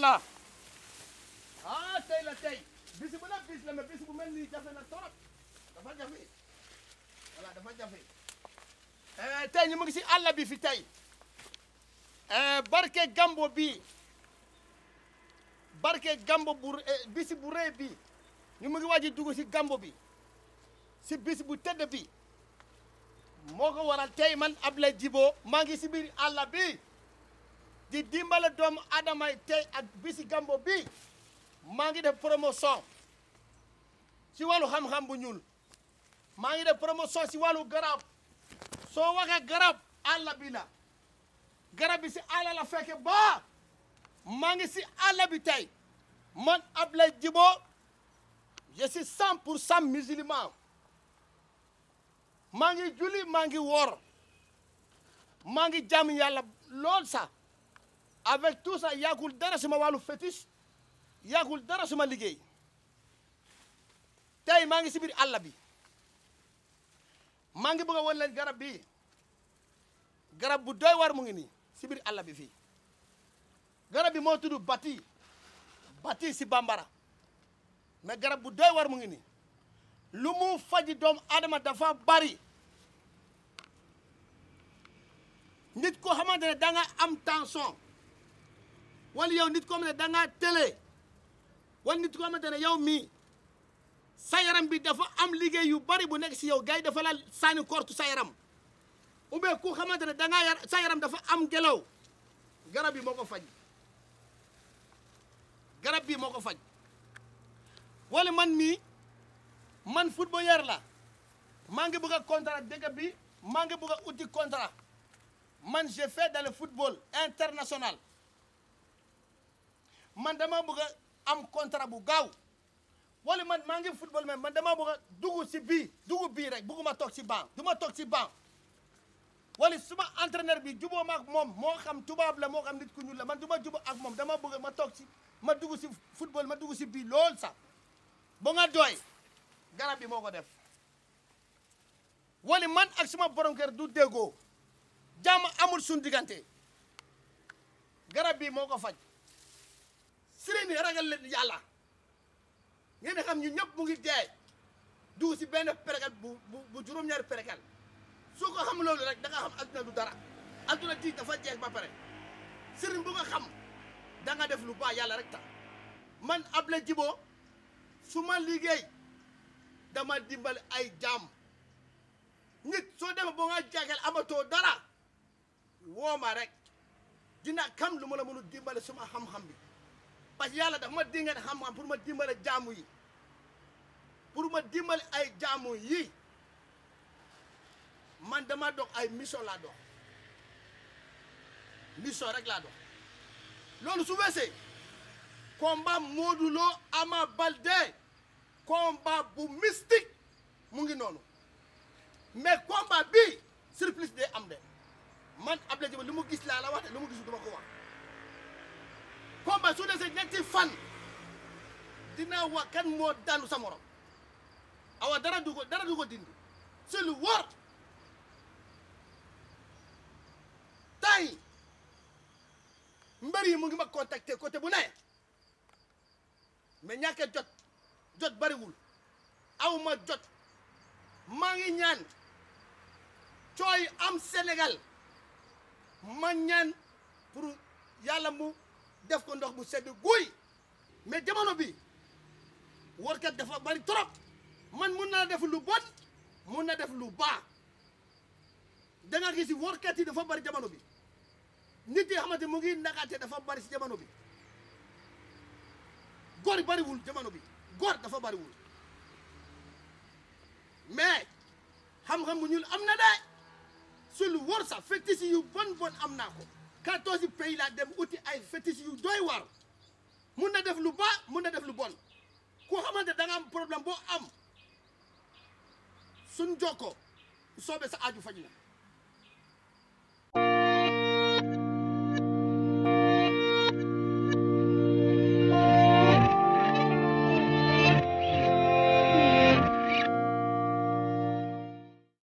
allah ah tey la tey bis la mais bis bu mel nii jafe na torop dafa jafe voilà dafa jafe eh, tey ngi si àll bi fi tey eh, barke gambo bi barke gambo bu eh, bis bu rëy bi ñu mu ngi waaj dugg si gambo bi si bis bu tëdd bi moo ko waral tey man Ablaye jibo maa ngi si biir àll bi di dimbale doomu aadama tey ak bisi gambo bi maa ngi def promotion si wàllu xam-xam bu ñuul maa ngi def promotion si wàllu garab soo waxee garab àll bi garab bi si àll la fekke ba maa ngi si àll bi tey man Ablaye Djibo je suis cent pour cent musulman maa ngi julli maa ngi woor maa ngi jaamu yàlla lool sax avec tout ça yàggul dara suma wàllu fétiche yàggul dara suma liggéey tey maa ngi si biir àll bi maa ngi bëgg a garab bi garab bu doy war mu ngi ni si biir àll bi fi garab bi moo tudd bati bati si bambara mais garab bu doy war mu ngi nii lu mu faji doomu adama dafa bari nit ko xamante ne da am tension wala yow nit koo xam ne da ngaa télé wala nit koo xamante ne yow mii sa yaram bi dafa am liggéey yu bari bu nekk si yow gars yi dafa la sànni kortu sa yaram ou ku xamante ne da ngaa yar sa yaram dafa am ngelaw garab bi moo ko faj garab bi moo ko faj wala man mi man footballeur la maa ngi bëgg a contrat dëgg bi maa ngi bëgg a uti contrat man j'ai fait dans le football man dama bëgg am contrat bu gaaw wala man maa ngi football man dama bëgg a si bii dugg bii rek ma toog si banc duma ma toog si banc wala suma entraîneur bii juboo ma ak moom moo xam tubaab la moo xam nit ku ñuul la man du ma ak moom dama bëgg ma toog si ma dugg si football ma dugg si bii lool sax ba nga doy garab bi moo ko def wala man ak suma borom kër du déggoo jaama amul suñu diggante garab bii moo ko faj sëriñ ni ragal leen yàlla ngeen xam ñu ñëpp ngi dee dugg si benn peregal bu bu juróom-ñaari peregal su ko xam loolu rek nga xam adduna dara adduna tii dafa jeex pare sëriñ bu nga xam da def lu baax yàlla rek tax man Ablaye Djibo su ma liggéey dama dimbali ay jaam nit soo demee ba nga jaaxal amatoo dara woo ma rek dina kam lu ma la mënu dimbali suma xam-xam bi parce que yàlla daf ma dingat xam-xam pour ma dimbale jaamu yi pour ma dimbale ay jaamu yi man dama dox ay mission laa dox mission rek laa dox loolu su weesee combat Modou Lo Ama Baldé combat bu mystique mu ngi noonu mais combat bi surprise day am de man Abdoulaye Diop li mu gis laa la wax de lu mu gisul duma ko wax combat su desee ñetti fan dinaa wax moo daanu sa morom awa dara du ko dara du ko dindi c'est lu wóor tay mbër yi mu ngi ma contacter côté bu ne mais ñàkk jot jot bariwul aw ma jot maa ngi ñaan cooy am senegal ma ñaan pour yàlla mu def ko ndox mu sedd guy mais jamono bi warkat dafa bari trop man mun naa def lu bon mun na def lu baax da nga gis yi dafa bari jamono bi nit yi xamante mu ngi nakaate dafa bari si jamono bi góor bariwul jamono bi góor dafa bariwul mais xam-xam bu ñuul am na de su lu war sax fekk si yu bon bon am naa ko quatorze pays laa dem uti ay fétiche yu doy waar mun na def lu baax mun na def lu bon ku xamante da nga am problème boo am suñ jokkoo soobee sa aaju faj na